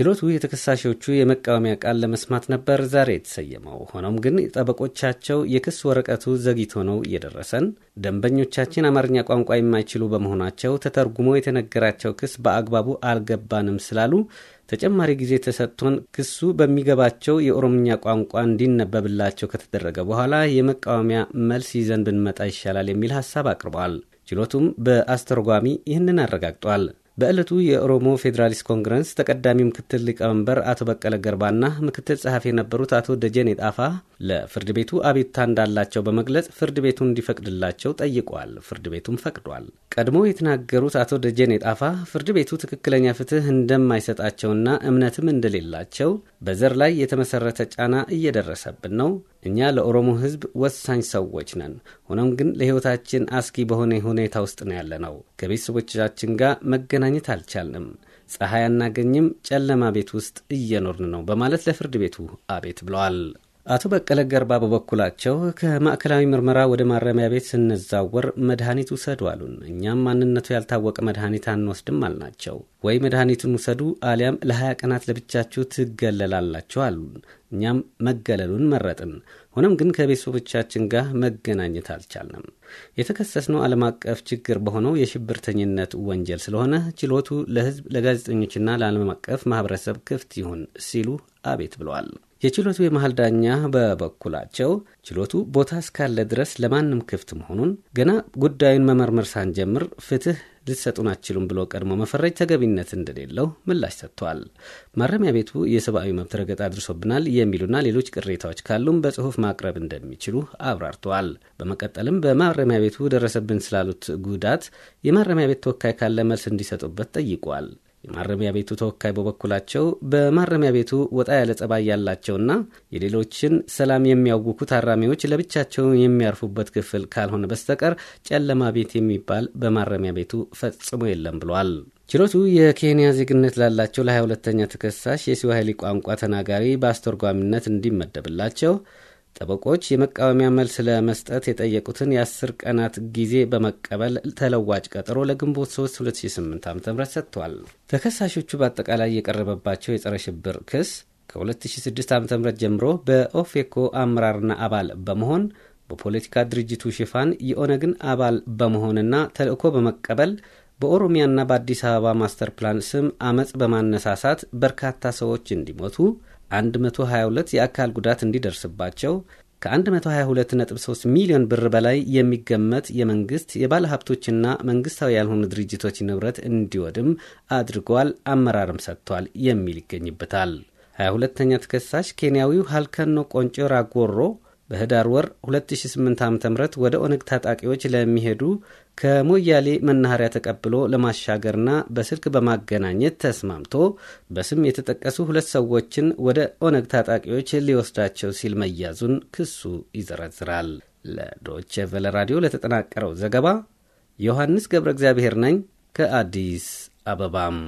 ችሎቱ የተከሳሾቹ የመቃወሚያ ቃል ለመስማት ነበር ዛሬ የተሰየመው። ሆኖም ግን ጠበቆቻቸው የክስ ወረቀቱ ዘግይቶ ነው እየደረሰን፣ ደንበኞቻችን አማርኛ ቋንቋ የማይችሉ በመሆናቸው ተተርጉሞ የተነገራቸው ክስ በአግባቡ አልገባንም ስላሉ ተጨማሪ ጊዜ ተሰጥቶን ክሱ በሚገባቸው የኦሮምኛ ቋንቋ እንዲነበብላቸው ከተደረገ በኋላ የመቃወሚያ መልስ ይዘን ብንመጣ ይሻላል የሚል ሀሳብ አቅርበዋል። ችሎቱም በአስተርጓሚ ይህንን አረጋግጧል። በዕለቱ የኦሮሞ ፌዴራሊስት ኮንግረስ ተቀዳሚ ምክትል ሊቀመንበር አቶ በቀለ ገርባና ምክትል ጸሐፊ የነበሩት አቶ ደጀኔ ጣፋ ለፍርድ ቤቱ አቤቱታ እንዳላቸው በመግለጽ ፍርድ ቤቱ እንዲፈቅድላቸው ጠይቋል። ፍርድ ቤቱም ፈቅዷል። ቀድሞ የተናገሩት አቶ ደጀኔ ጣፋ ፍርድ ቤቱ ትክክለኛ ፍትህ እንደማይሰጣቸውና እምነትም እንደሌላቸው በዘር ላይ የተመሰረተ ጫና እየደረሰብን ነው። እኛ ለኦሮሞ ሕዝብ ወሳኝ ሰዎች ነን። ሆኖም ግን ለሕይወታችን አስጊ በሆነ ሁኔታ ውስጥ ነው ነው። ከቤተሰቦቻችን ጋር መገናኘት አልቻልንም። ፀሐይ አናገኝም፣ ጨለማ ቤት ውስጥ እየኖርን ነው በማለት ለፍርድ ቤቱ አቤት ብለዋል። አቶ በቀለ ገርባ በበኩላቸው ከማዕከላዊ ምርመራ ወደ ማረሚያ ቤት ስንዛወር መድኃኒት ውሰዱ አሉን። እኛም ማንነቱ ያልታወቀ መድኃኒት አንወስድም አልናቸው። ወይ መድኃኒቱን ውሰዱ አሊያም ለሀያ ቀናት ለብቻችሁ ትገለላላችሁ አሉን። እኛም መገለሉን መረጥን። ሆኖም ግን ከቤተሰቦቻችን ጋር መገናኘት አልቻልንም። የተከሰስነው ዓለም አቀፍ ችግር በሆነው የሽብርተኝነት ወንጀል ስለሆነ ችሎቱ ለሕዝብ ለጋዜጠኞችና ለዓለም አቀፍ ማህበረሰብ ክፍት ይሁን ሲሉ አቤት ብለዋል። የችሎቱ የመሀል ዳኛ በበኩላቸው ችሎቱ ቦታ እስካለ ድረስ ለማንም ክፍት መሆኑን ገና ጉዳዩን መመርመር ሳንጀምር ፍትህ ልትሰጡን አትችሉም ብሎ ቀድሞ መፈረጅ ተገቢነት እንደሌለው ምላሽ ሰጥቷል። ማረሚያ ቤቱ የሰብአዊ መብት ረገጥ አድርሶብናል የሚሉና ሌሎች ቅሬታዎች ካሉም በጽሁፍ ማቅረብ እንደሚችሉ አብራርተዋል። በመቀጠልም በማረሚያ ቤቱ ደረሰብን ስላሉት ጉዳት የማረሚያ ቤት ተወካይ ካለ መልስ እንዲሰጡበት ጠይቋል። የማረሚያ ቤቱ ተወካይ በበኩላቸው በማረሚያ ቤቱ ወጣ ያለ ጸባይ ያላቸውና የሌሎችን ሰላም የሚያውኩ ታራሚዎች ለብቻቸው የሚያርፉበት ክፍል ካልሆነ በስተቀር ጨለማ ቤት የሚባል በማረሚያ ቤቱ ፈጽሞ የለም ብሏል። ችሎቱ የኬንያ ዜግነት ላላቸው ለ22ተኛ ተከሳሽ የስዋሂሊ ቋንቋ ተናጋሪ በአስተርጓሚነት እንዲመደብላቸው ጠበቆች የመቃወሚያ መልስ ለመስጠት የጠየቁትን የአስር ቀናት ጊዜ በመቀበል ተለዋጭ ቀጠሮ ለግንቦት 3 2008 ዓ ም ሰጥቷል። ተከሳሾቹ በአጠቃላይ የቀረበባቸው የጸረ ሽብር ክስ ከ2006 ዓ ም ጀምሮ በኦፌኮ አመራርና አባል በመሆን በፖለቲካ ድርጅቱ ሽፋን የኦነግን አባል በመሆንና ተልእኮ በመቀበል በኦሮሚያና በአዲስ አበባ ማስተር ፕላን ስም አመፅ በማነሳሳት በርካታ ሰዎች እንዲሞቱ 122 የአካል ጉዳት እንዲደርስባቸው ከ122.3 ሚሊዮን ብር በላይ የሚገመት የመንግስት የባለሀብቶችና መንግስታዊ ያልሆኑ ድርጅቶች ንብረት እንዲወድም አድርጓል፣ አመራርም ሰጥቷል የሚል ይገኝበታል። 22ኛ ተከሳሽ ኬንያዊው ሀልከኖ ቆንጮራ ጎሮ በህዳር ወር 2008 ዓ ም ወደ ኦነግ ታጣቂዎች ለሚሄዱ ከሞያሌ መናኸሪያ ተቀብሎ ለማሻገርና በስልክ በማገናኘት ተስማምቶ በስም የተጠቀሱ ሁለት ሰዎችን ወደ ኦነግ ታጣቂዎች ሊወስዳቸው ሲል መያዙን ክሱ ይዘረዝራል። ለዶች ቨለ ራዲዮ ለተጠናቀረው ዘገባ ዮሐንስ ገብረ እግዚአብሔር ነኝ ከአዲስ አበባም